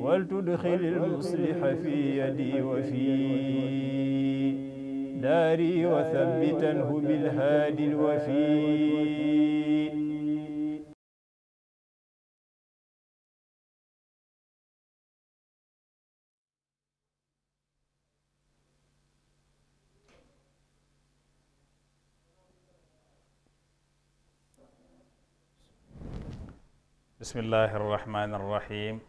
ولتدخل المصلح في يدي وفي داري وثبتنه بالهادي الوفي بسم الله الرحمن الرحيم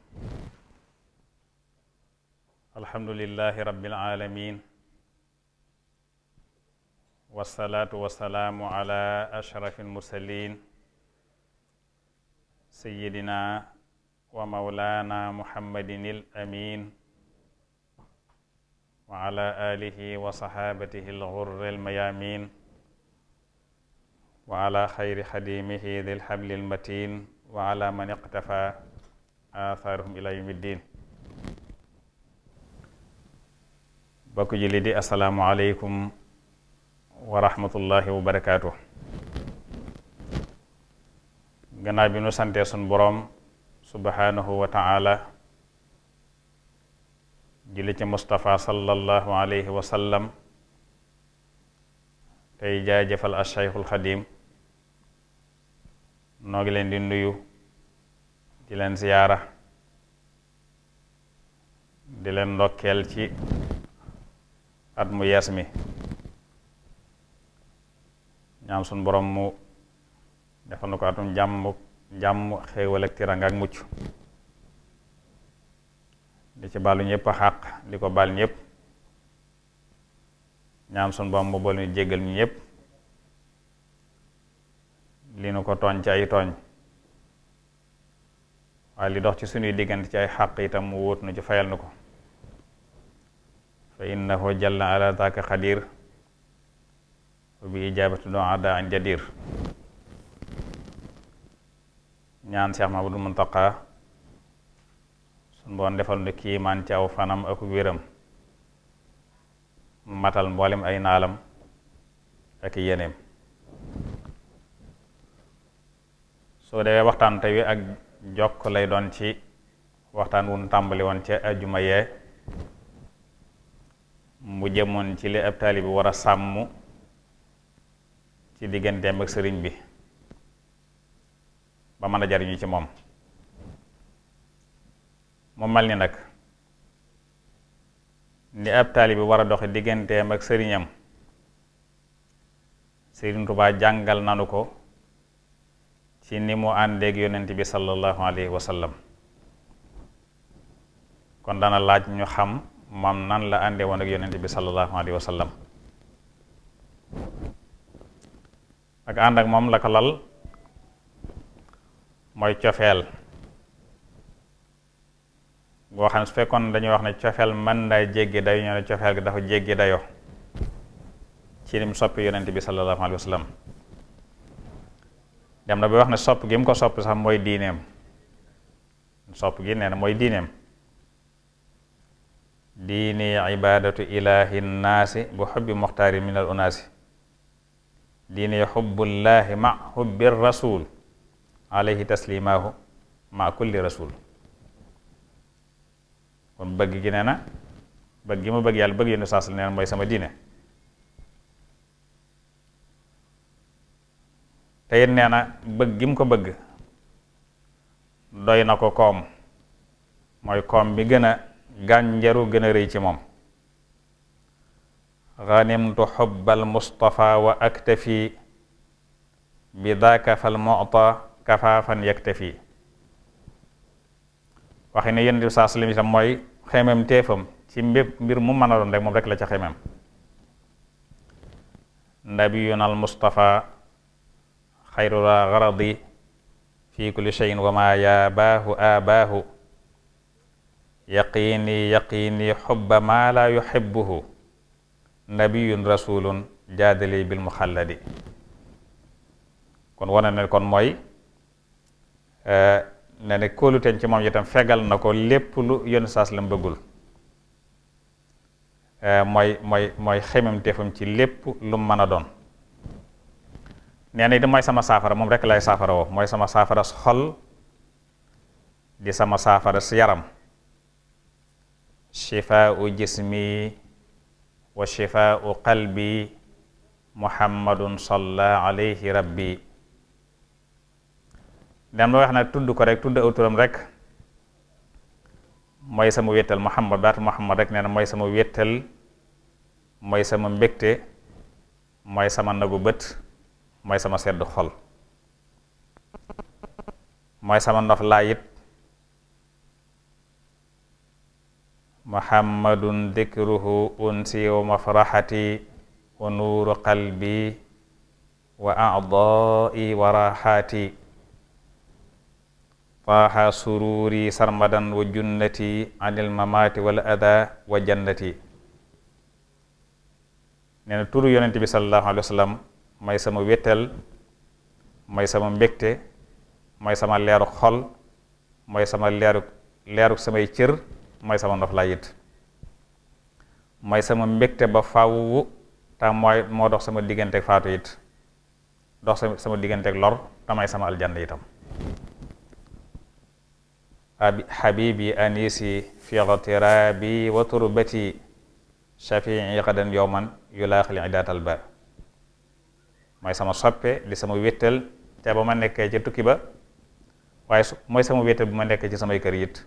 alhamdulillahi rabbil alamin wasalaatu wasalaamu ala ashrafil mursalin sayyidina wa mawlaana muhammadinil amin wa ala aalihi wa saxaabatihil ghurril mayaamin wa ala xayri xadimihi dil hablil matin wa ala man iqtafa aathaarahum ila yawmi ddin bokk ji li di asalaamualeykum wa rahmatullahi wa barakaatu gannaaw nu santee sun boroom subhanahu wa ta'ala julli ci Mustapha sallallahu alayhi wa sallam tey jaajëfal ashaykhul xadim noo ngi leen di nuyu di leen ziyaara di leen ndokkeel ci at mu yees mi ñaan suñ borom mu defal na ko atum jàmm jàmm xéewal ak tiranga ak mucc di ci baalu ñëpp xàq li ko bal ñépp ñaan suñ borom mu bool ñu jéggal ñu ñëpp li nu ko tooñ ci ay tooñ waaye li dox ci suñuy diggante ci ay xàq itam mu wóot na ci fayal nu ko fa innahu jalla ala taaka xadir wa bi ijabati doa daa an jadir ñaan Cheikh Mahamadou Muntaqa sun boon defal nu kiimaan ci aw fanam ak wéram matal mboolem ay naalam ak yeneem soo defee waxtaan tey wi ak jokk lay doon ci waxtaan wun tàmbali woon ca ajuma yee mu jëmoon ci li ab taalibe war a sàmm ci digganteem ak sëriñ bi ba mën a jariñu ci moom mu mel ni nag ni ab taalibe war a doxe digganteem ak sëriñam sëriñ Tuubaa jàngal nanu ko ci ni mu àndeeg yonent bi sallallahu alayhi wa sallam kon dana laaj ñu xam moom nan la àndee woon ak yonent bi sallallahu alayhi wa sallam ak ànd ak moom la ko lal mooy cofeel goo xam su fekkoon dañuy wax ne cofeel mën daa jéggi dayo ñoo ne cofeel gi dafa jéggi dayoo ci nim soppi yonent bi sallallahu alayhi wa dem na bi wax ne sopp gi mu ko sopp sax mooy diineem sopp gi nee na mooy diineem diini ibaadatu ilaahi nnaasi bu xubbi muxtaari minal unaasi diini xubbullaahi ma xubbi rasul alayhi taslimaahu ma kulli rasul kon bëgg gi bëgg gi ma bëgg yàlla bëgg yéen saasal nee mooy sama diine te it na bëgg mu ko bëgg doy ko koom mooy koom bi gën gànjaru gën a ci moom ganimtu xubbal mustafa wa aktafi bi daaka fal muta kafaafan yaktafi waxe ne bi saa sallam mooy xemem téefam ci mbir mu mën a moom rek la ca xemem nabiyuna al mustafa xayrula garadi fi kulli cheyin wa ma yaabaahu aabaahu yaqiini yaqiini xubba maa laa yuxibbuhu nabiyun rasulun jaadali bil muxalladi kon wane ne kon mooy eh, ne ne kóoluteen ci moom itam fegal na ko lépp lu yónni saas la mu mooy mooy mooy xemem ci lépp lum mën a doon nee na ta mooy sama saafara moom rek lay saafara woo mooy sama saafara xol di sama saafara si yaram shifaau jismi wa shifaau qalbi muhammadun salla alayhi rabbi dam la wax na tudd ko rek tudd aw turam rek mooy sama wéttal muhammad baatu muhammad rek nee na mooy sama wéttal mooy sama mbégte mooy sama nagu bët mooy sama sedd xol mooy sama ndof laa muhammadun dikruhu unsi wa mafraxati wa nuuru qalbi wa acdaai wa raxaati taaha sururi sarmadan wa junnati anil mamaati wal ada wa jannati nee na turu yonent bi sallallahu alayhi wa sallam may sama wéttal may sama mbégte may sama leeru xol may sama leeru leeru samay cër mooy sama ndox lay it mooy sama mbégte ba faawu tam mooy moo dox sama digganteeg faatu it dox sama digganteeg lor tamay sama aljanna itam xabibi anisi fi ixtirabi wa turbati shafii xadan yowman yu laaxali idaatal ba mooy sama soppe di sama wéttal te ba ma nekkee ca tukki ba waaye su mooy sama wéttal bu ma nekkee ca samay kër it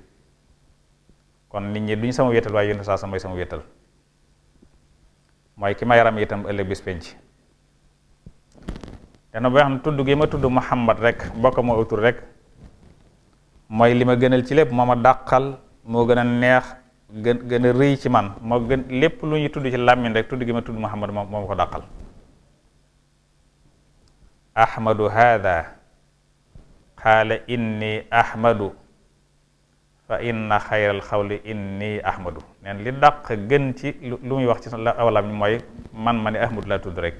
kon nit ñi duñ sama wéetal waaye yonent saa sa sama wéetal mooy ki ma yaram itam ëllëg bis penc te na boo xam ne tudd gi ma tudd Muhammad rek bokk moo utur rek mooy li ma gënal ci lépp moo ma dàqal moo gën a neex gën gën a rëy ci man moo gën lépp lu ñu tudd ci làmmiñ rek tudd gi ma tudd Muhammad moom ko dàqal ahmadu haada qaala inni ahmadu fa inna xayral xawli inni ahmadu neen li dàq gën ci lu muy wax ci awlam mooy man ma ne ahmadu laa tudd rek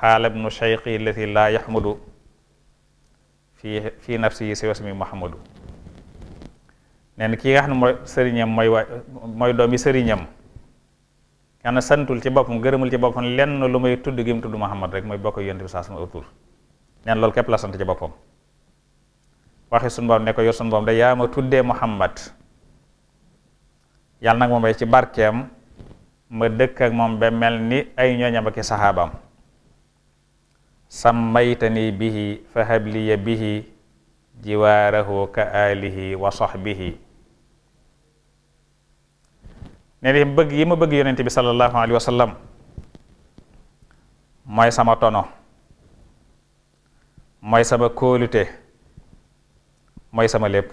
xaala bnu cheyqi allati laa yaxmudu fi fi nafsihi siwa ismi muhammadu neen ki nga xam ne mooy sëriñam mooy waa mooy doomi sëriñam kenn santul ci boppam gërëmul ci boppam lenn lu muy tudd gi mu tudd muhammad rek mooy bokk yonent bi saa sama tur neen loolu képp la sant ci boppam waxi sunu borom ne ko yor sunu borom da yaa ma tuddee Muhammad yàlla nag ma may ci barkeem ma dëkk ak moom ba mel ni ay ñooñam ak saxaabam sammaytani bihi fa habliya bihi jiwaarahu ka alihi wa sahbihi ne ni bëgg yi ma bëgg yonente bi sallallahu alayhi wa sallam mooy sama tono mooy sama kóolute mooy sama lépp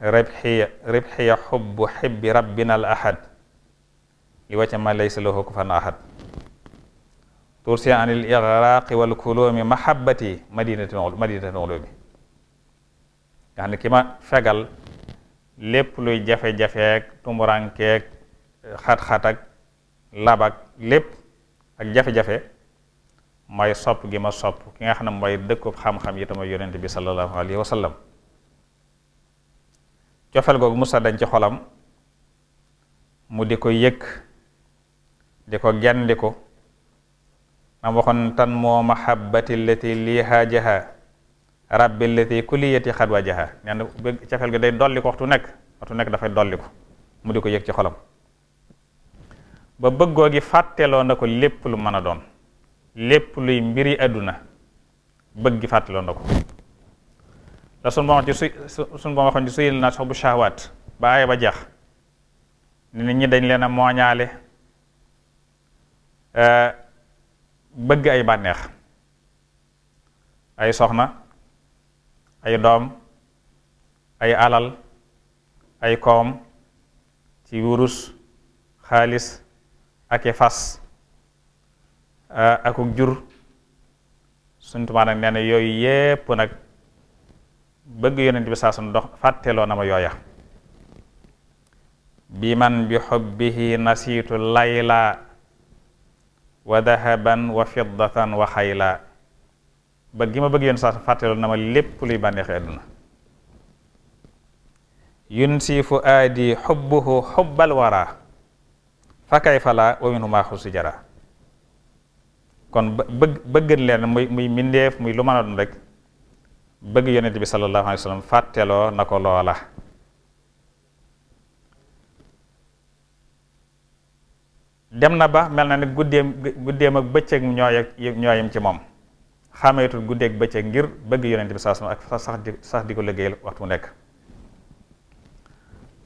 ribxiya ribxiya xubbu xibbi rabbina al ahad li wacca ma laysa lahu kufan ahad tursi an il igraqi wal kuloomi mahabbati madinati madinati ulumi nga xam ne ki ma fegal lépp luy jafe-jafeek tumurankeek xat-xat ak labak lépp ak jafe-jafe mooy sopp gi ma sopp ki nga xam ne mooy dëkkub xam-xam yi tamay yonent bi sallallahu alayhi wa sallam cofeel googu Musa dañ ci xolam mu di ko yëg di ko gendiku nam waxoon tan moo mahabbati lati lii haajaha rabbi lati kuliyati xadwajaha nee na cofeel gi day dolli ko waxtu nekk waxtu nekk dafay dolli ko mu di ko yëg ci xolam ba bëggoo gi fàtteloo na ko lépp lu mën a doon lépp luy mbiri àdduna bëgg fàttaloo na ko la sun boom ci su sun boom waxoon ci suyil na sox bu shahwaat ba aaya ba jeex nit ñi dañ leen a mooñaale euh, bëgg ay bànneex ay soxna ay doom ay alal ay koom ci wurus xaalis ak i fas Eh, akuk jur suñ tumaa nag nee yooyu yépp nag bëgg yonent bi saa sun dox fàtteloo na ma yooya bi man bi xobbihi nasiitu layla wa dahaban wa fiddatan wa xayla bëgg gi ma bëgg yonent saa sun fàtteloo na ma lépp luy bànneexee àdduna yunsi fuaadi xubbuhu xubbal wara fa kayfa la wa minhu ma xusi jara kon bëgg bëggan leen muy muy mindeef muy lu mën rek bëgg yonent bi sallallahu alayhi wa fàtteloo na ko loola dem na ba mel na ne guddeem guddeem ak bëccëg ñooy ñooyam ci moom xameetul guddeeg bëccëg ngir bëgg yonent bi sallallahu alayhi wa ak sax di sax di ko liggéeyal waxtu nekk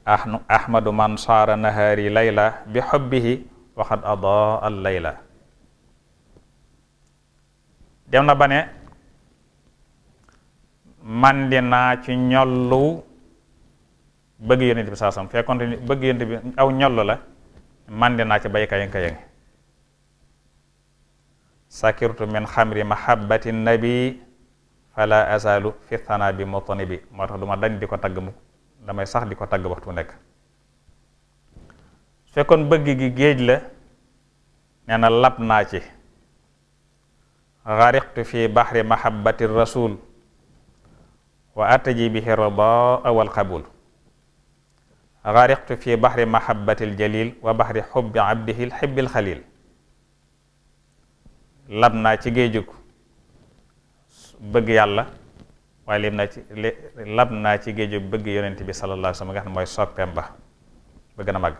ahnu ahmadu man saara layla bi xobbihi waxad adaa al dem na ba ne man di naa ci ñollu bëgg yonent bi saasam fekkoon bëgg yonent bi aw ñollu la man di naa ci bay kayang kayang sakirtu min xamri mahabbati nabi fala azalu fi thana bi motoni bi moo tax duma ma dañ di ko tagg mu damay sax di ko tagg waxtu nekk fekkoon bëgg gi géej la nee na lab naa ci xariqtu fi baxri mahabbati rasul wa artaji bihi radaa wal qabul xariqtu fi baxri mahabbati aljalil wa baxri xubbi abdihi lxibbil xalil lab naa ci géejug bëgg yàlla waaye lib naa ci lab naa ci géejug bëgg yonent bi sallallahu alayhi wa sallam nga xam ne mooy soppeem ba bëgg na màgg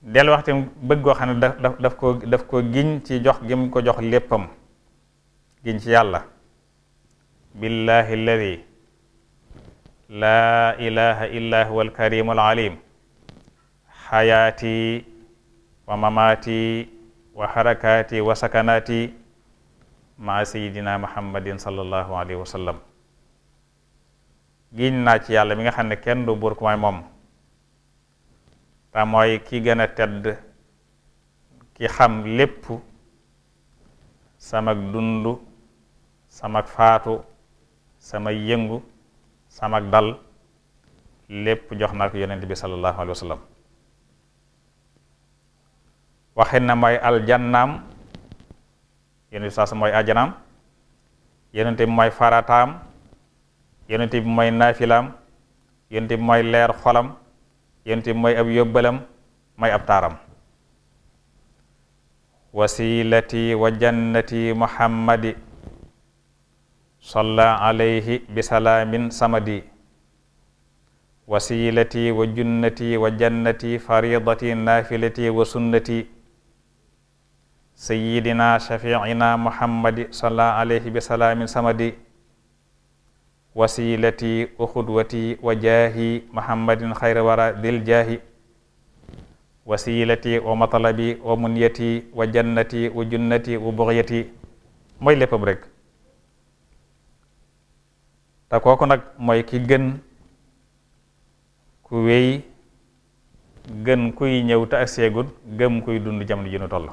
dellu wax tamit bëgg goo xam ne daf daf ko daf ko giñ ci jox gi ko jox léppam giñ ci yàlla billahi alladi laa ilaha illa huwa alkarimu alalim xayaati wa mamaati wa xarakaati wa sakanaati maa sayidina muhammadin sallallahu alayhi wa sallam giñ naa ci yàlla mi nga xam ne kenn du buur ku may moom te mooy ki gën a tedd ki xam lépp samak dund samak faatu sama yëngu samak dal lépp jox na ko yonent bi sallallahu alayhi wa waxin na mooy aljannaam yonent bi saas mooy bi mooy farataam yonent bi mooy naafilaam yonent bi mooy leer xolam yonent bi mooy ab yóbbalam mooy ab taaram wasilati wa jannati muhammadi salla alayhi bi salaamin samadi wasilati wa junnati faridati naafilati wa sunnati sayyidina shafiina muhammadi salla alayhi bi salaamin samadi wasilati wa xudwati wa jaahi muhammadin xayra wara wasilati wa matalabi wa munyati wa jannati wa junnati wa buxyati mooy léppam rek te kooku nag mooy ki gën ku wéy gën kuy ñëw te ak seegul gëm kuy dund jamono ji nu toll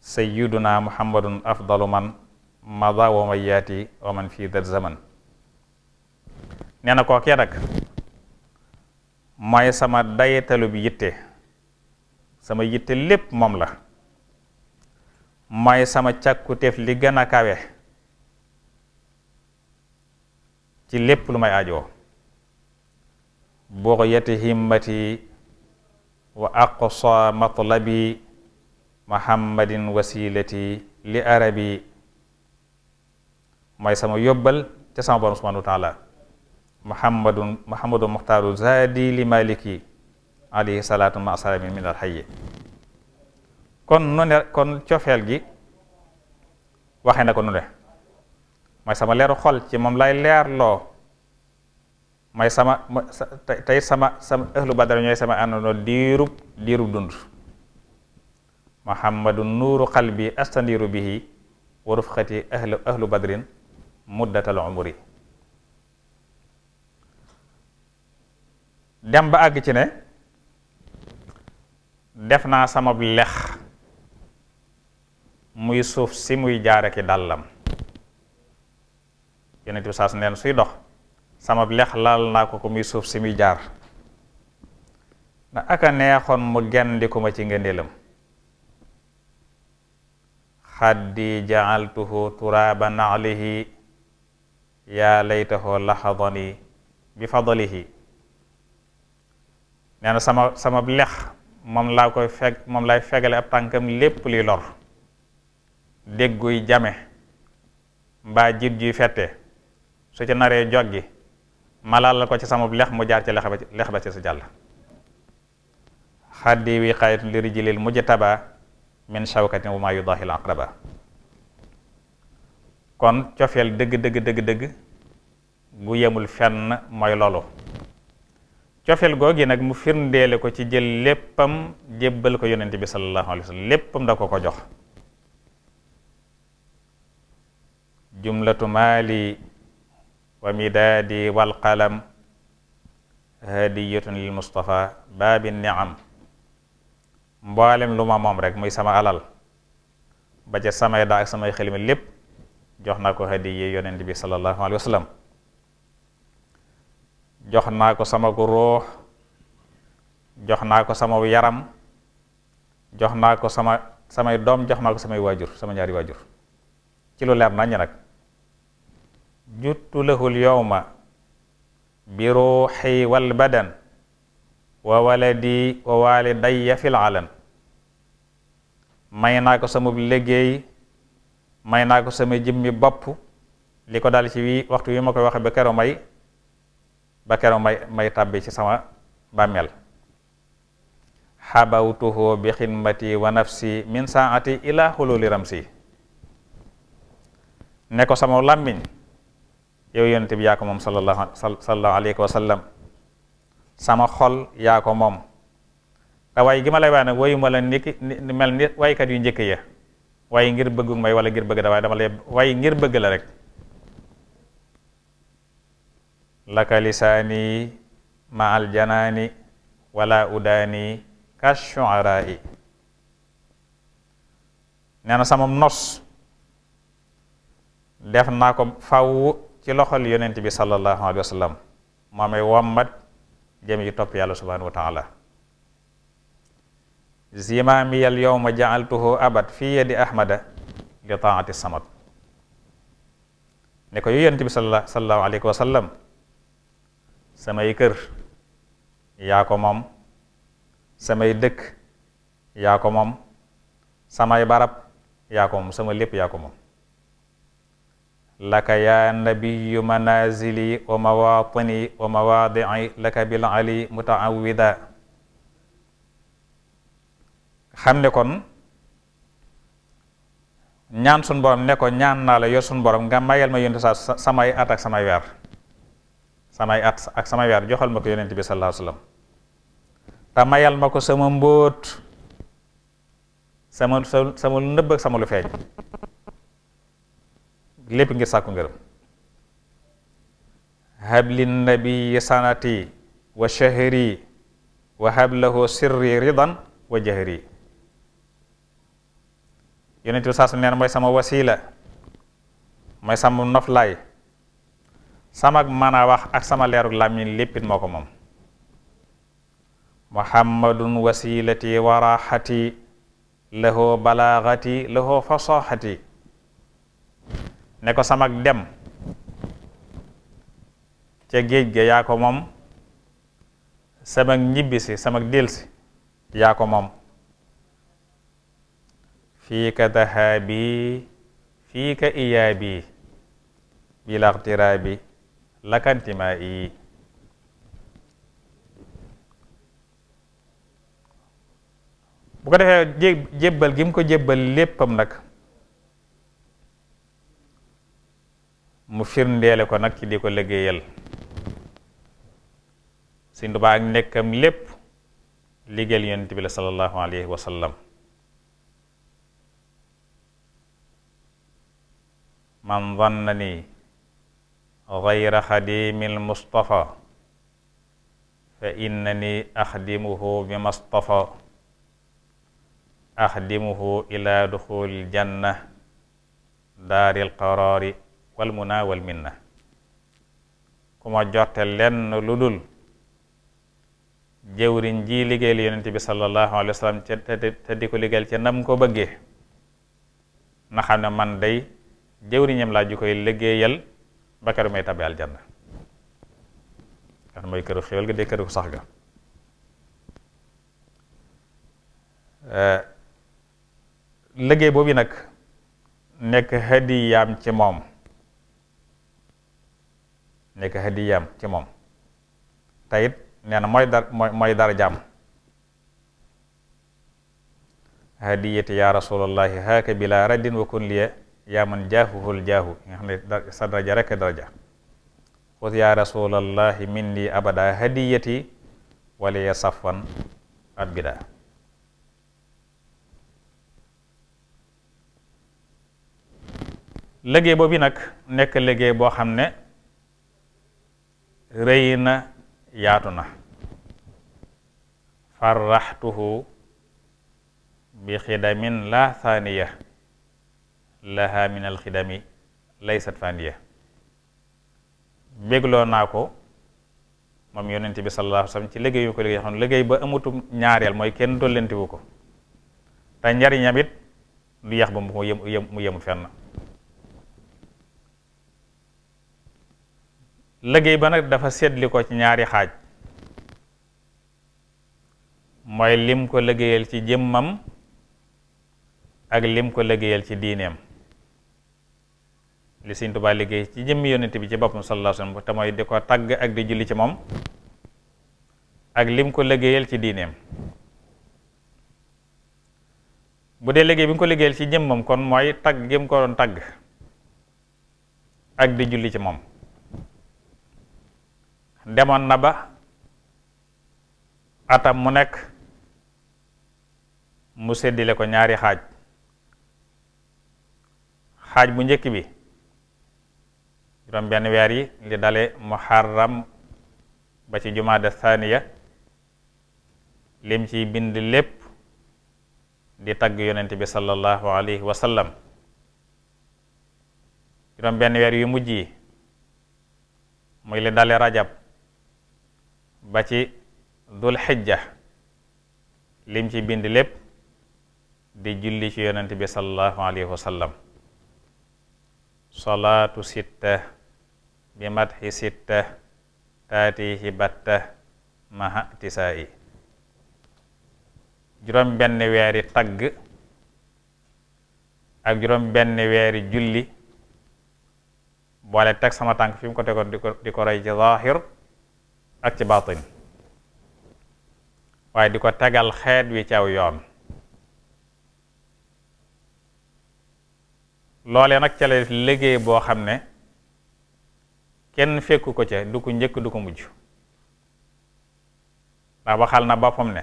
sayyiduna muhammadun afdalu man mada wa may yaati wa man fii zaman nee na kookee nag sama dayetalu bi yitte sama yitte lépp moom la mooy sama càkkuteef li gën a kawe ci lépp lu may ajoo bugyati himmati wa aqsa matlabi muhammadin wasilati li arabi mooy sama yóbbal ca sama borom subhanahu wa taala muhammadu muxtaaru zaadi li maliki alayhi salaatu ma salaamin min alxayi kon nu kon cofeel gi waxe na ko nu ne sama leeru xol ci moom lay leerloo may sama tey sama sama ëhlu badara ñooy sama àndandoo diirub dund muhammadu nuuru qalbi astandiru bihi wa rufqati ahlu badrin muddatal umri dem ba àgg ci ne def naa sama lex muy suuf si muy jaare ki dàllam yonent bi saas neen suy dox sama lex laal naa ko ko muy suuf si muy jaar na aka neexoon mu gendiku ma ci ngëneelam xaddi jaaltuhu turaban alayhi yaa laytahu laxadani bi fadlihi nee na sama sama lex moom laa koy feg moom lay fegale ab tànkam lépp luy lor dëgguy jame mbaa jiit juy fette su ci naree joggi malaal la ko ci sama lex mu jaar ci lex ba lex ba ci sa jàll xaddi wi xayit li rijlil taba min shawkatin wa yu yudahi al aqraba kon cofeel dëgg dëgg dëgg gu yemul fenn mooy loolu cofeel googi nag mu firndeele ko ci jël léppam jébbal ko yonent bi sallallahu alayhi léppam da ko ko jox jumlatu maali wa midaadi wal qalam hadiyatun lil mustafa baabi niam mboolem lu ma moom rek muy sama alal ba ca samay daa ak samay xelimi lépp jox naa ko hadiye yonent bi sallallahu alayhi wa jox naa ko sama ko ruux jox naa ko sama yaram jox naa ko sama samay doom jox naa samay waajur sama ñaari waajur ci lu leer nañ nag juttu lahul yawma bi ruuxi wal badan wa waladi wa walidayya fil may naa ko sama liggéey may naa ko sama jëmmi bopp li ko dal ci wii waxtu wi ma koy waxee ba kero may ba kero may may tàbbi ci sama bàmmeel xabawtuhu bi xidmati wa nafsi min saati ila xululi ramsi ne ko sama làmmiñ yow yonent bi yaa ko moom sallallahu sallallahu alayhi wa sallam sama xol yaa ko moom te gi ma lay wax nag wayu ma la niki mel ni waykat yu njëkk ya waaye ngir bëggu may wala ngir bëgg dama lay ngir bëgg la rek laka ma al janaani wala udaani kashuaraai nee na sama nos def naa ko faw ci loxol yonent bi sallallahu alayhi wa sallam moo may wommat jëm yi topp yàlla subhanahu wa taala zimaamiyal yowma jaaltuhu abad fi yadi ahmada li taati samad ne ko yu yonent bi sallallahu alayhi wa sallam samay kër yaa ko moom samay dëkk yaa ko moom samay barab yaa ko moom sama lépp yaa ko moom laka yaa nabiyu manazili wa mawatini wa mawadici laka bil ali mutaawida xam ne kon ñaan sun borom nekkoon ñaan naa la yor sun borom nga mayal ma yonent sa samay at ak samay weer weer joxal ma ko yonent bi sallallahu alayhi wasallam te ma ko sama mbóot sama sama lu nëbb ak sama lu feeñ lépp ngir sàkku ngërëm hablin nabi sanati wa shahri wa hablahu sirri ridan wa jahri yonent bi saasu neen mooy sama wasila mooy sama noflaay sama mën wax ak sama leerug làmmiñ léppit moo ko moom muhammadun wasilati wa raxati lahoo balaaxati lahoo fasaxati ne ko samag dem ca géej ga yaa moom samag ñibbisi samag delsi yaa moom fiika dahaabi fiika iyaabi bila xtiraabi lakantimaa yi bu ko defee jébbal gi mu ko jébbal léppam nag mu firndeele ko nag ci di ko liggéeyal Sëñ Tuubaa ak nekkam lépp liggéeyal yonent bi la sallallahu man dannani gayra xadimi almustafa fa innani axdimuhu bima stafa axdimuhu ila duxuli aljanna daari alqaraari walmuna walminna ku ma jotte lenn lu dul jëwriñ ji liggéeyal yonent bi sallallahu alayhi wa sallam te di ko liggéeyal nam ko bëggee na xam man day jëwriñam laa ju koy liggéeyal ba keroog may tabbi aljanna kan mooy këru xéwal ga dee këru sax ga eh, liggéey boobi nag nekk hadiyaam ci moom nekk hadiyaam ci moom te it na mooy dar mooy mooy darajaam hadiyati yaa rasulallahi haaka bila raddin wa kun yaa man jaafuhul jaahu nga xam ne sa daraja rekk daraja xut yaa rasulallahi min abada hadiyati wala ya safwan at bida liggéey boobu nag nekk liggéey boo xam ne rëy na yaatu na farraxtuhu bi xidamin la thaniya laha min alxidami laysat fandiya bégloo naa ko moom yonent bi sallallahu alayhi wa sallam ci liggéeyu ko liggéey liggéey ba amatum ñaareel mooy kenn dollentiwu ko te njariñam du yax ba mu yem mu yemu fenn liggéey ba nag dafa seddli ko ci ñaari xaaj mooy lim ko liggéeyal ci jëmmam ak lim ko liggéeyal ci diineem li Sëñ Tuubaa liggéey ci jëmmi yonent bi ci boppam sallallahu alayhi wasallam te mooy di ko tagg ak di julli ci moom ak lim ko liggéeyal ci diineem bu dee liggéey bi nga ko liggéeyal ci jëmmam kon mooy tagg gi mu ko doon tagg ak di julli ci moom demoon na ba atam mu nekk mu séddile ko ñaari xaaj xaaj bu njëkk bi juróom benn weer yi li dale muharram ba ci jumaada thaniya lim ciy bind lépp di tagg yonent bi sallallahu alayhi wa sallam weer yu mujj yi muy li dale rajab ba ci dul xijja lim ci bind lépp di julli ci yonent bi sallallahu alayhi wa salaatu sitta bi madhi sitta taatihi batta maha tisaa i juróom benn weeri tagg ak juróom benn weeri julli boole teg sama tànk fi ko tegoon di ko di ci zaahir ak ci baatin waaye di ko tegal xeet wi ci aw yoon loole nag ca la liggéey boo xam ne kenn fekku ko ca du ko njëkk du ko mujj ndax waxal na boppam ne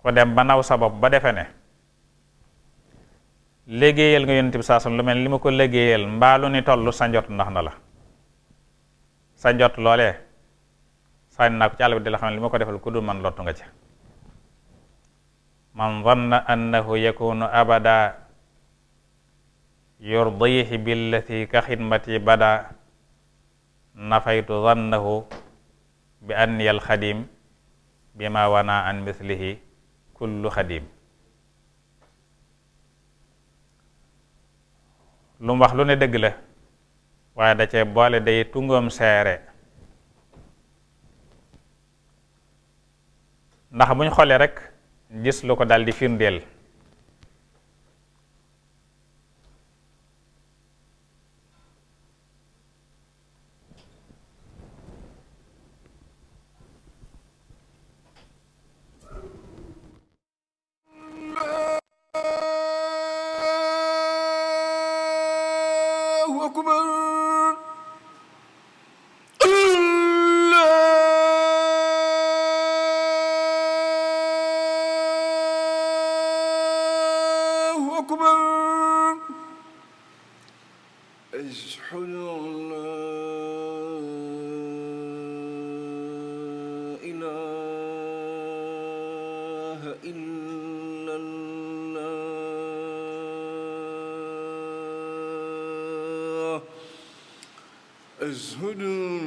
ko dem ba naw sa bopp ba defe ne liggéeyal nga yonent bi saa lu mel ni li ma ko liggéeyal mbaalu ni toll sa njot ndax na la sa njot loolee sànni naa ko ci bi di la xam ne li ma ko defal ku dul man lottu nga ca man zanna annahu yakunu abada yurdihi billati ka xidmati bada nafaytu zannahu bi anni alxadim bi ma wana an mislihi kullu xadim lu mu wax lu ne dëgg la waaye da cee boole day tungoom seere ndax buñ xoolee rek gis lu ko dal di firndeel is Hoodoo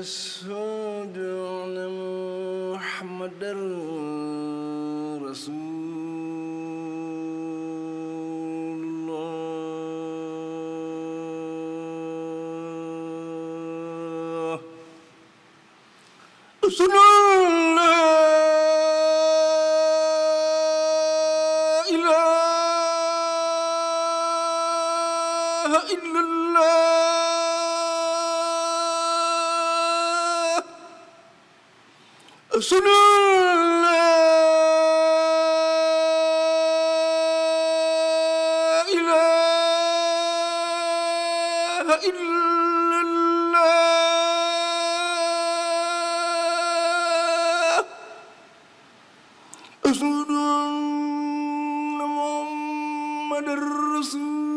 وأشهد أن محمدا رسول الله sunu laa ilaaha illallaah sunu Muhammadur Rasuul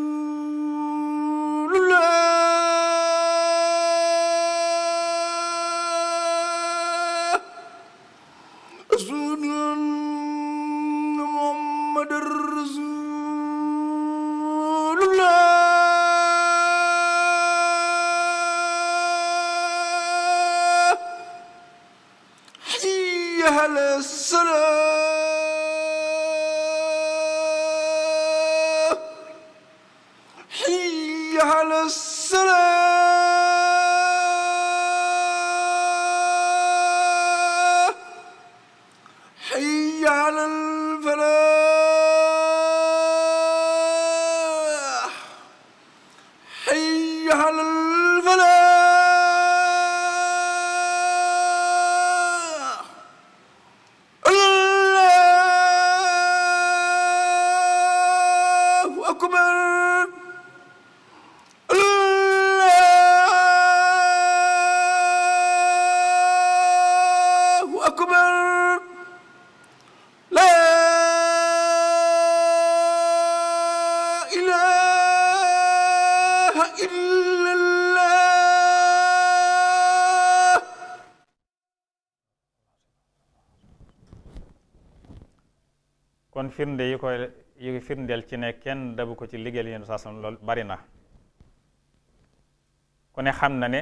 firnde yi koy firndeel ci ne kenn dabu ko ci liggéey yéen saa sallam loolu bari na ku ne xam na ne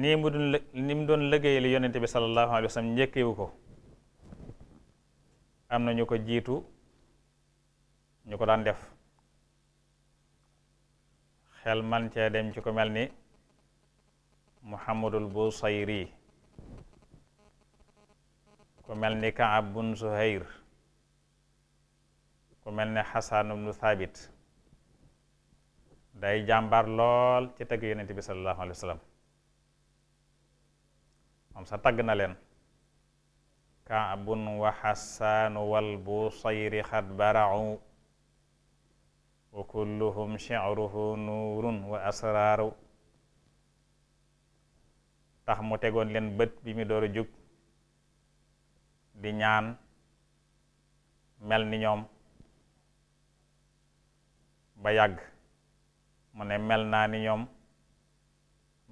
nii doon ni mu doon liggéeyal bi sallallahu alayhi wa njëkkewu ko am na ñu ko jiitu ñu ko daan def xel man cee dem ci ko mel ni Muhammadul Busayri mel ni Kaab bun Suhayr ku mel ni Xasaan ibnu Thabit day jàmbaar lool ci tagg yonent bi sallallahu alayhi wa sallam moom sa tagg na leen kaabun wa xassaanu wal busayri xad barau wa kulluhum shiruhu nuurun wa asraaru tax mu tegoon leen bët bi mu door a jóg di ñaan mel ni ñoom ba yàgg mu ne mel naa ni ñoom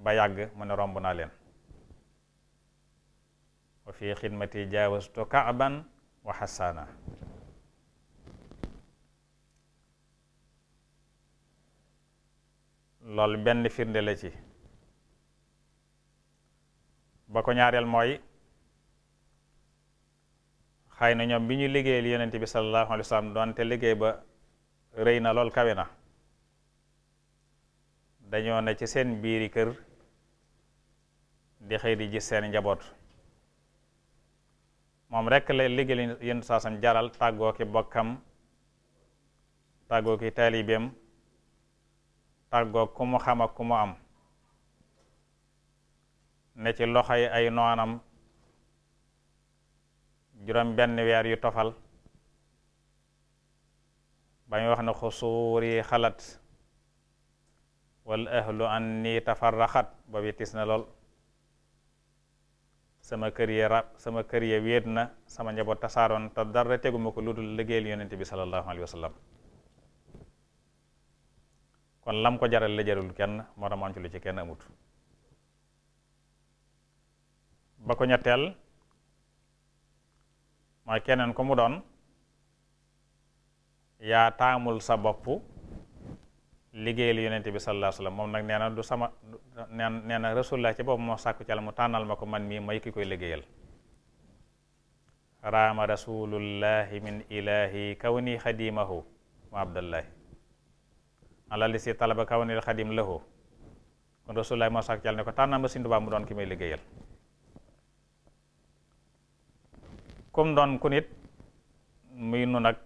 ba yàgg mu ne romb naa leen wa fi xidmati jaawastu kaaban wa xasaana loolu benn firnde ci ba ko ñaareel mooy xëy na ñoom bi ñu liggéeyal yonent bi sallallahu alayhi wa sallam doonte liggéey ba rëy na lool kawe na dañoo ne ci seen biiri kër di xëy di gis seen njaboot moom rek la liggéeyal yonent saasam jaral tàggoo ki bokkam tàggoo ki taalibeem tàggoo ku mu xam ku mu am ne ci loxoy ay noonam juróom benn weer yu tofal ba ñu wax ne xusuuri xalat wal ahlu an ni tafarraxat boobu tis na lool sama kër ya rab sama kër ya wéet na sama njaboot tasaaroon te dara teguma ko lu dul liggéeyal yonent bi sallallahu alayhi wa kon lam ko jaral la jarul kenn moo tax ci lu ci kenn amut ba ko ñetteel mooy keneen ku mu doon yaa taamul sa bopp liggéeyal yonente bi sallallahu alayhi moom nag nee du sama neen nee na rasulullah ci boobu moo sàkku ci mu tànnal ma ko man mii may ki koy liggéeyal raama rasulullahi min ilahi kawni xadimahu ma abdallahi ala li si talaba kawnil xadim lahu kon rasulullah moo sàkku ci ne ko tànnal ma sintubaab mu doon ki may liggéeyal kum doon ku nit muy nu ak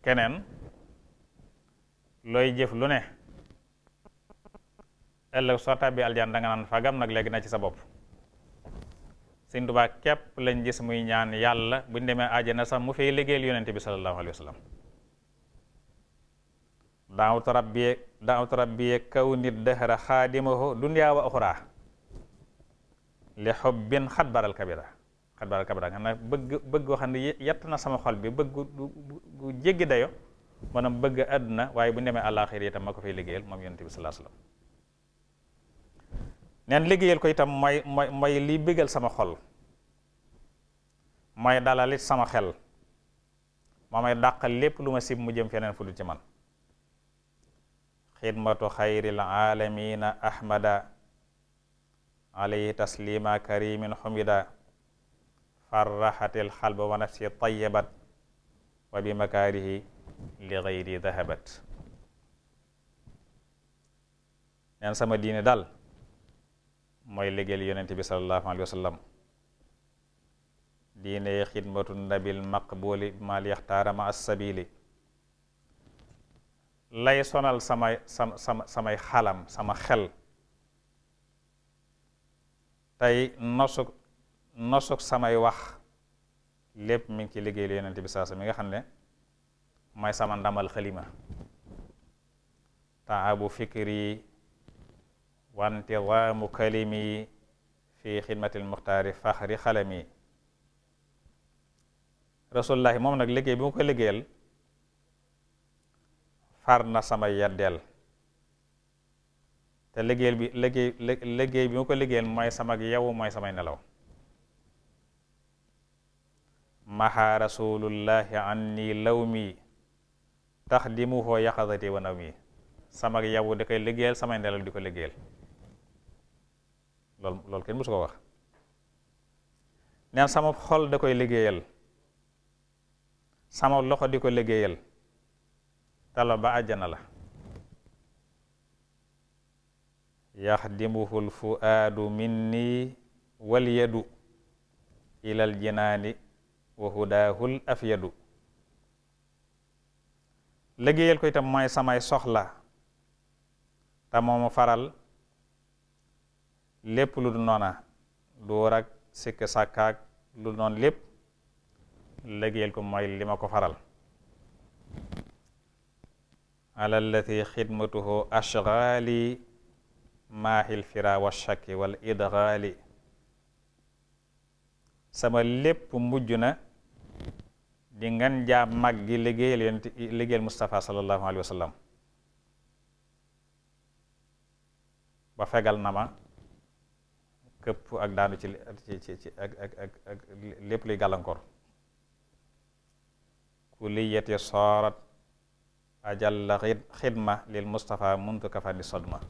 keneen looy jëf lu ne ëllëg soo tàbbi aljaan da naan fagam nag léegi na ci sa bopp Sëñ Tuubaa képp lañ gis muy ñaan yàlla buñ demee àjjana sax mu fay liggéeyal yonente bi sallallahu alayhi wa sallam daawtu rabbi daawtu rabbi kaw nit dahra xaadimahu dunyaa wa uxraa li xubbin xat baral kabira xat baral kabara nga xam bëgg bëgg goo ne yett na sama xol bi bëgg gu jéggi dayo maanaam bëgg àdduna waaye bu nemee demee àllaaxir itam ma ko fay liggéeyal moom yonent bi sallallahu alayhi ko itam mooy bëggal sama xol mooy dalalit sama xel moo may dàqal lépp lu ma sib mu jëm feneen fu dul ci man xidmatu xayril aalamiina ahmada alayhi taslima karimin xumida farraxatil xalba wa nafsi tayyabat wa bi makaarihi li gayri dahabat neen sama diine daal mooy liggéeyal yonent bi sallallahu alayhi wa sallam diine xidmatu nabil maqbuli mal yaxtaara ma assabili lay sonal samay sam sama samay sama xel tey nosu nosuk samay wax lépp mi ngi ci liggéey lu yonent bi saasa mi nga xam ne may sama ndamal xalima taabu fikri wa intidaamu kalimi fi xidmatil muxtaari faxri mi rasulullahi moom nag liggéey bi ko liggéeyal far na sama yaddeel te liggéeyal bi liggéey liggéey bi mu ko liggéeyal mooy sama yow may samay nelaw maxa rasulullahi anni lawmi taxdimuhu yaxasati wana wi sama yabu da koy liggéeyal sama nelaw di ko liggéeyal loolu loolu kenn mësu ko wax neen sama xol da koy liggéeyal sama loxo di ko liggéeyal tala ba àjjana la yaxdimuhu l fuaadu minni wal ilal jinaani wa hudaahul afyadu liggéeyal ko itam mooy samay soxla te faral lépp lu du noona dóor sikk sàkkaak lu du noon lépp liggéeyal ko mooy li faral alallati xidmatuhu ashgaali maahil fira wa shakki wal idgaali sama lépp mujj na di ngan mag gi liggéeyal yonent liggéeyal Mustafa sallallahu alayhi wa ba fegal na ma këpp ak daanu ci ci ci ak ak ak lépp luy gàllankoor kuliyati soorat ajalla xidma lil Mustafa muntu kafani sodma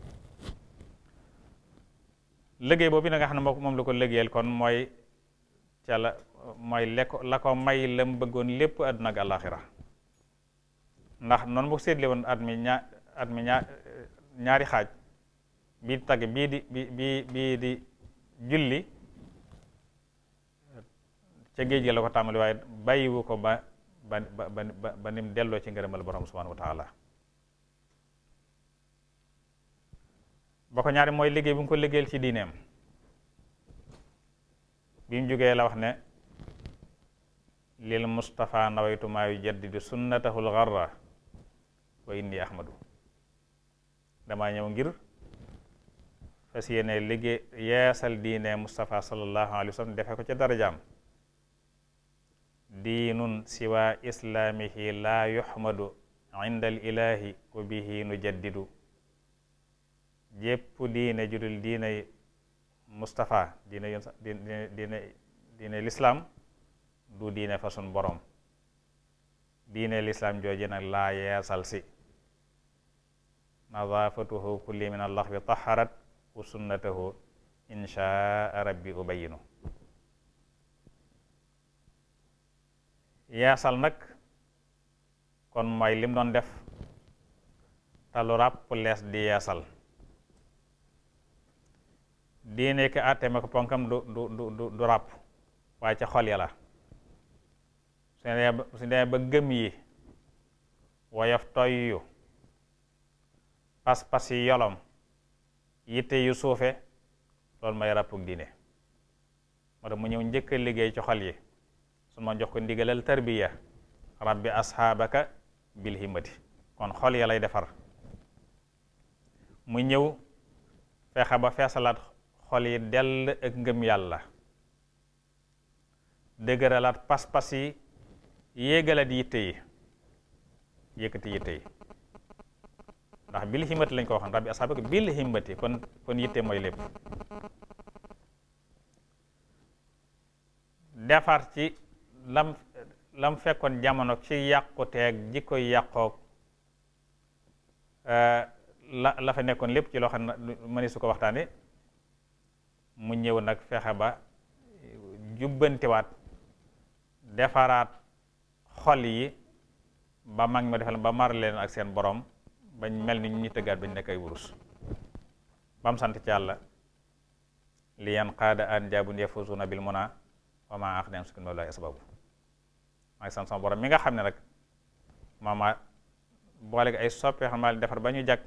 liggéey boobu na nga xam ne moom la ko liggéeyal kon mooy ca la mooy le la ko may lam bëggoon lépp àdduna ak àllaaxira ndax noonu bu séddle woon at mi ñaa ñaari xaaj bii di tagg bii di bi bi bii di julli ca géej gi la ko tàmbali waaye bàyyiwu ko ba ba ba ba nim delloo ci ngërëmal borom subhanahu wa taala ko ñaari mooy liggéey bu nga ko liggéeyal ci diineem bi mu jógee la wax ne lil Mustafa nawaytu maa yu jaddidu sunnatahu lgarra wa inni ahmadu damaa ñëw ngir fas yéene liggéey yeesal diine Mustafa sallallahu alayhi wa sallam ko ca darajaam diinun siwa islaamihi laa yuhmadu inda al ilahi bihi nu jaddidu diine judul diine Moustapha diine lislaam du diine fa sun borom diine lislaam jooje nag laa yeesal si nadaafatuhu kulli min allah bi taharat wa sunnatahu insha rabbi ubayinu yeesal nag kon mooy lim doon def te lu lees di yeesal diine ki àtteem ak ponkam du du du du ràpp waaye ca xol ya la su dee ba gëm yi woyof toyyu pas-pas yi yolom yitte yu suufe loolu may ràppug diine moo tax mu ñëw njëkk a liggéey ci xol yi su ma jox ko ndigalal tarbiya rabbi asxaabaka bil kon xol ya lay defar mu ñëw fexe ba feesalaat xol yi dell ak ngëm yàlla dëgëralaat pas-pas yi yéegalaat yitte yi yëkkati yitte yi ndax bil himmati lañ ko waxoon rabbi asxaabaka bil kon kon yitte mooy lépp defar ci lam lam fekkoon jamono ci yàquteeg jikko yàqoog euh, la la fa nekkoon lépp ci loo xam ne mëni su ko waxtaanee mu ñëw nag fexe ba jubbantiwaat defaraat xol yi ba mag ma defal ba mar leen ak seen boroom bañ mel ni ñu tëggaat bañ nekk ay wurus bam sant ci yàlla li yan qaada an jaabun yafuzuna bil muna wa ma aqdam sukun mawlaay asbabu maa ngi sant sama borom mi nga xam ne rek moo ma boole ay soppee xam ne defar ba ñu jag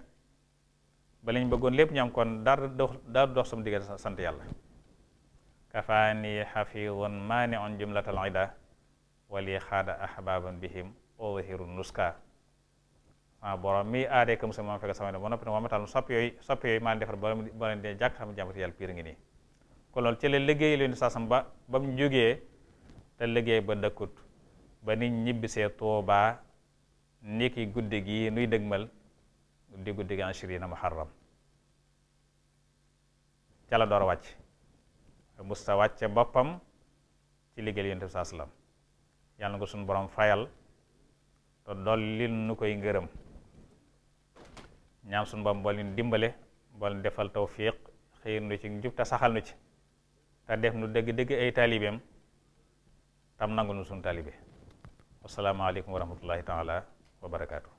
ba lañ bëggoon lépp ñu am kon dara dox dara dox sama diggante sant yàlla kafaani xafidun maaniun jumlatal ida wali xaada ahbaban bihim owahiru nuska ah borom mi aadee comme ça moom fekk sama ne ba noppi nag moom itam sopp yooyu sopp yooyu maa defar ba nit ñibbisee tuubaa ni guddi gii nuy dëgmal di guddi gi ashirina muharram ca la door a wàcc musta wàcce boppam ci liggéeyal yonent bi saa salaam yàlla na ko suñu borom fayal te dollil nu koy ngërëm ñaan suñu borom boo leen dimbale boo leen defal tawfiq xëyir nu ci njub te saxal nu ci te def nu dëgg-dëgg ay taalibeem tam nangu nu suñu taalibe wasalaamaaleykum wa rahmatullahi taala wa barakaatu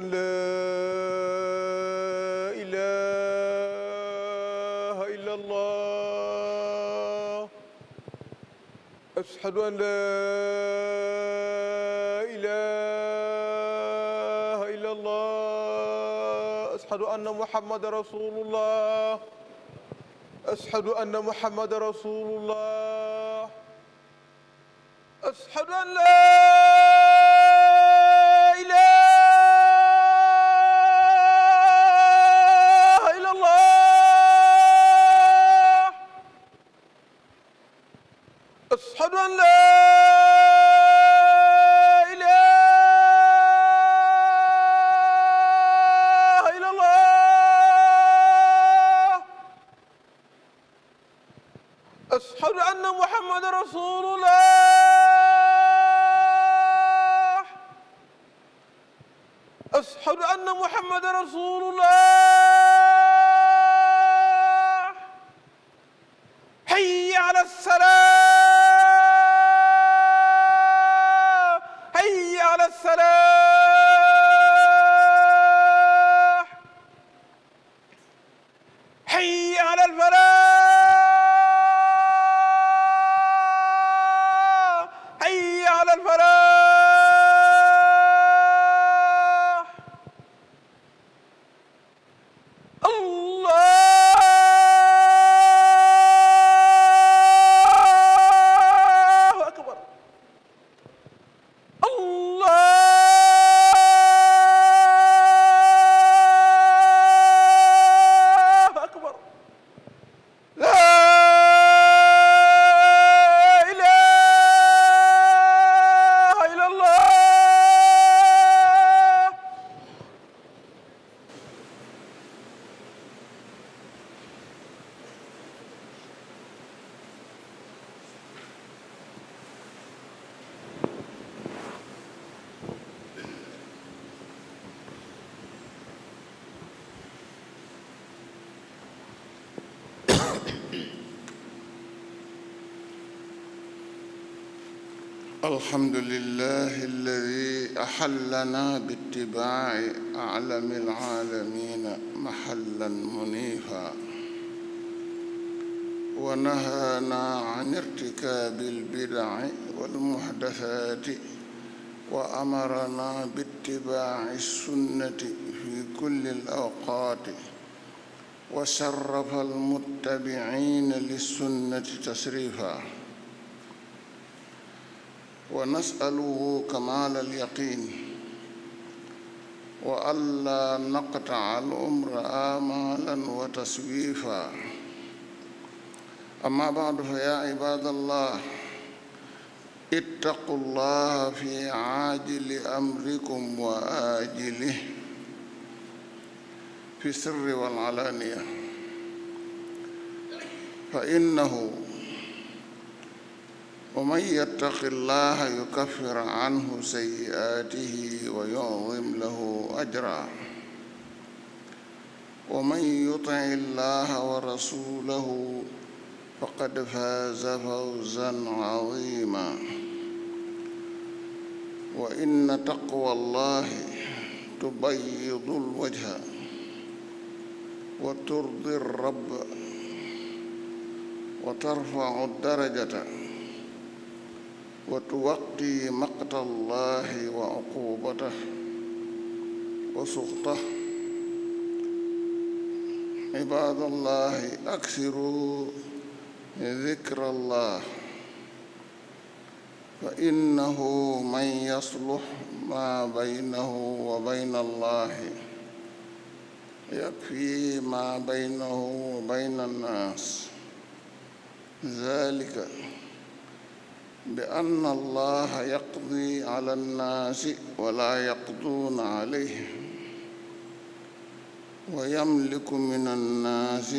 an laa ilaaha illallaah ashhadu an laa ilaaha illallaah ashhadu anna muhammadan rasuulullaah ashhadu anna muhammadan rasuulullaah ashhadu an laa أشهد أن لا على الفلاح الحمد لله الذي أحلنا باتباع أعلم العالمين محلا منيفا ونهانا عن ارتكاب البدع والمحدثات وأمرنا باتباع السنة في كل الأوقات وشرف المتبعين للسنة تشريفا ونسأله كمال اليقين وألا نقطع العمر آمالا وتسويفا أما بعد فيا عباد الله اتقوا الله في عاجل أمركم وآجله في السر والعلانية فإنه ومن يتق الله يكفر عنه سيئاته ويعظم له أجرا ومن يطع الله ورسوله فقد فاز فوزا عظيما وإن تقوى الله تبيض الوجه وترضي الرب وترفع الدرجه وتوقي مقت الله وعقوبته وسخطه عباد الله أكثروا ذكر الله فإنه من يصلح ما بينه وبين الله يكفي ما بينه وبين الناس ذلك بأن الله يقضي على الناس ولا يقضون عليه ويملك من الناس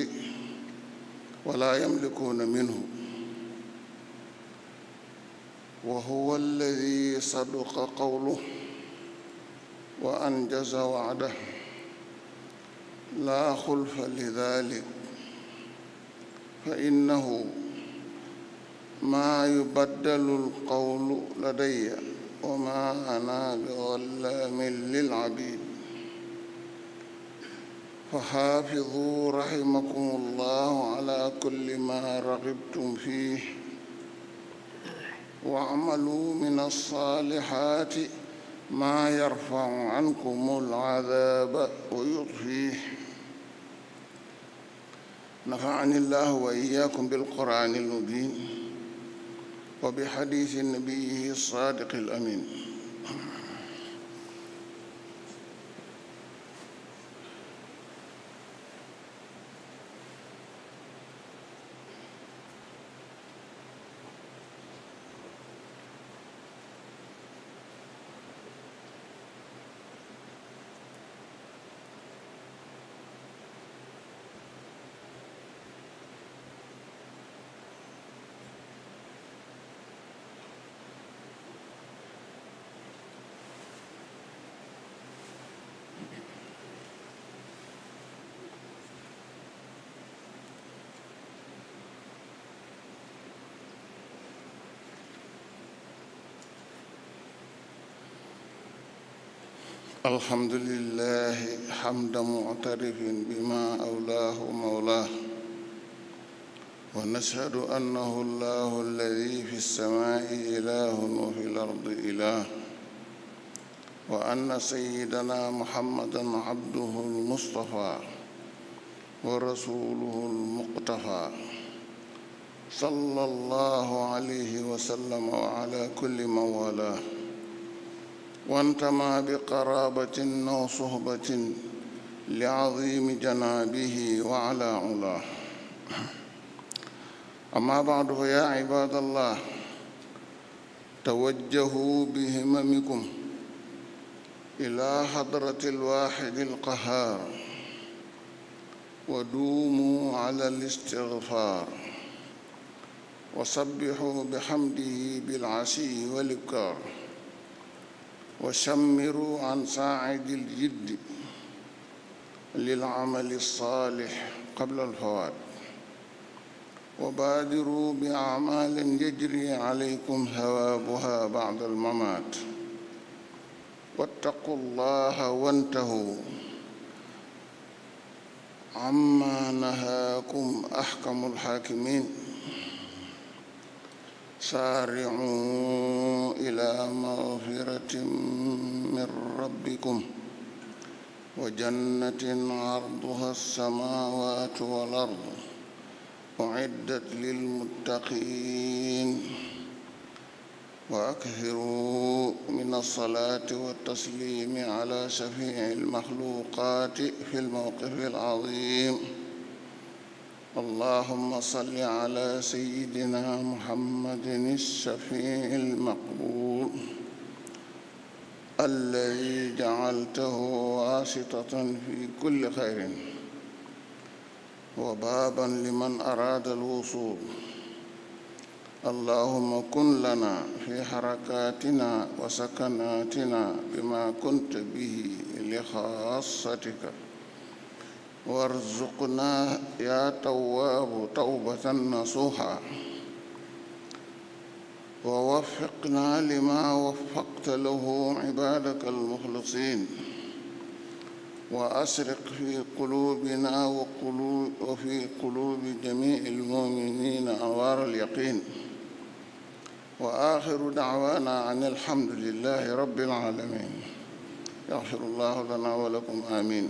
ولا يملكون منه وهو الذي صدق قوله وأنجز وعده لا خلف لذلك فإنه maa yubaddalul qawlu ladayya wa maa ana bizallamin lil abid فحافظوا رحمكم الله على كل ما رغبتم فيه واعملوا من الصالحات ما يرفع عنكم العذاب ويطفيه نفعني الله وإياكم بالقرآن المبين وبحديث نبيه الصادق الأمين الحمد لله حمد معترف بما أولاه مولاه ونشهد أنه الله الذي في السماء إله وفي الأرض إله وأن سيدنا محمدا عبده المصطفى ورسوله المقتفى صلى الله عليه وسلم وعلى كل من والاه وانتمى بقرابة أو صهبة لعظيم جنابه وعلى علاه أما بعد فيا عباد الله توجهوا بهممكم إلى حضرة الواحد القهار ودوموا على الاستغفار وسبحوا بحمده بالعشي والإبكار وشمروا عن ساعد الجد للعمل الصالح قبل الفوات وبادروا بأعمال يجري عليكم ثوابها بعد الممات واتقوا الله وانتهوا عما نهاكم أحكم الحاكمين saari'u ila magfiratin min rabbikum wa jannatin arduha as-samawatu wal ardu u'iddat lil muttaqin wa akthiru min as-salati wat taslimi ala shafi'il makhluqati fil mawqifil azim اللهم صل على سيدنا محمد الشفيع المقبول الذي جعلته واسطة في كل خير وبابا لمن أراد الوصول اللهم كن لنا في حركاتنا وسكناتنا بما كنت به لخاصتك وارزقنا يا تواب توبة نصوحا ووفقنا لما وفقت له عبادك المخلصين وأسرق في قلوبنا وقلوب وفي قلوب جميع المؤمنين أنوار اليقين وآخر دعوانا عن الحمد لله رب العالمين يغفر الله لنا ولكم آمين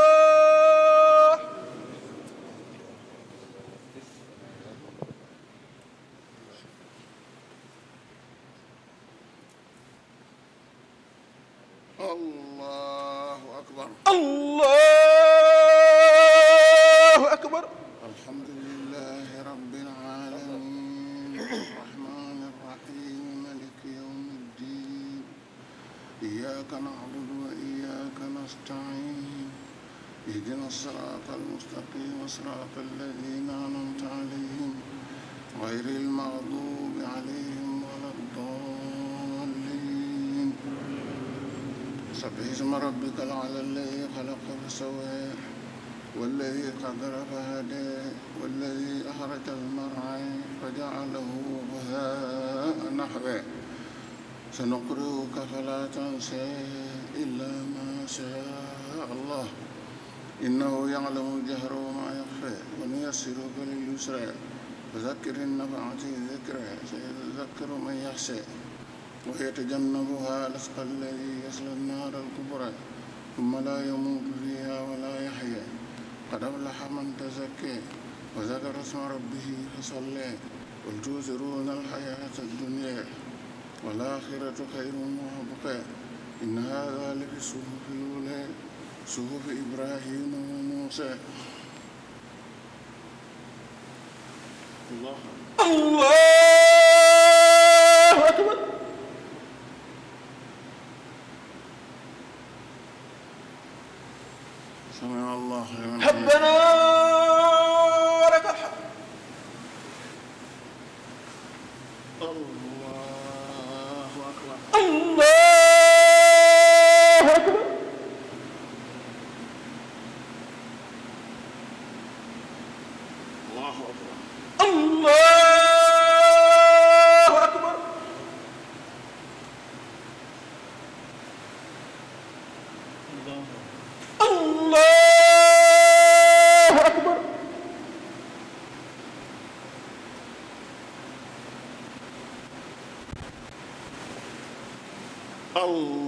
سبح اسم ربك الأعلى الذي خلق فسوى والذي قدر فهدى والذي أخرج المرعى فجعله غثاء نحوه سنقرئك فلا تنسى إلا ما شاء الله إنه يعلم الجهر وما يخفى ونيسرك لليسرى فذكر النفعة الذكرى سيذكر من يخشى ويتجنبها الأشقى الذي يصلى النار الكبرى ثم لا يموت فيها ولا يحيا قد أفلح من تزكى وذكر اسم ربه فصلى قل تؤثرون الحياة الدنيا والآخرة خير وأبقى إن هذا لفي الصحف الأولى صحف إبراهيم وموسى الله الله allahu akbar allah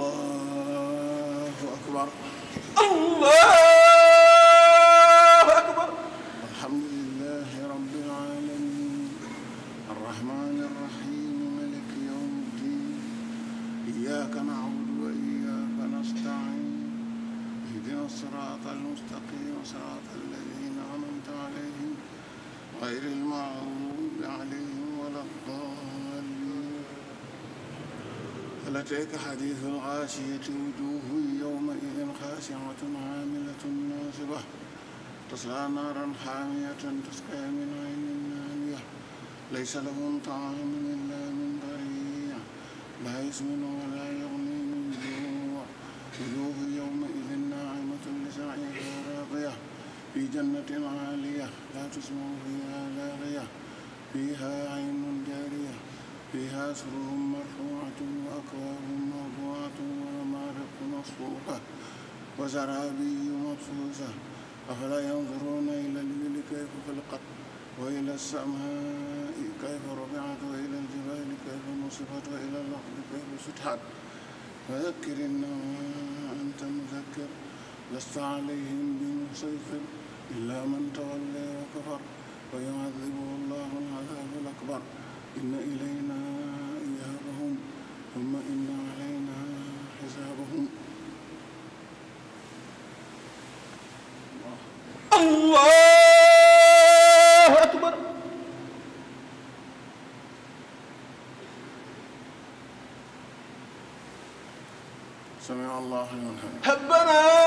ليس له طعام إلا من ضريع لا يسمن ولا يغني من جوع وجوه يومئذ ناعمة لسعيها راضية في جنة عالية لا تسمع فيها لاغية فيها عين جارية فيها سرر مرفوعة وأكواب موضوعة ونمارق مصفوفة وزرابي مبثوثة أفلا ينظرون إلى الإبل كيف خلقت وإلى السماء كيف رفعت وإلى الجبال كيف نصبت وإلى الأرض كيف سطحت فذكر إنما أنت مذكر لست عليهم بمسيطر إلا من تولى وكفر ويعذبه الله العذاب الأكبر إن إلينا هبنا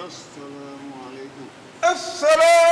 asalaamaaleykum. asalaamaaleykum.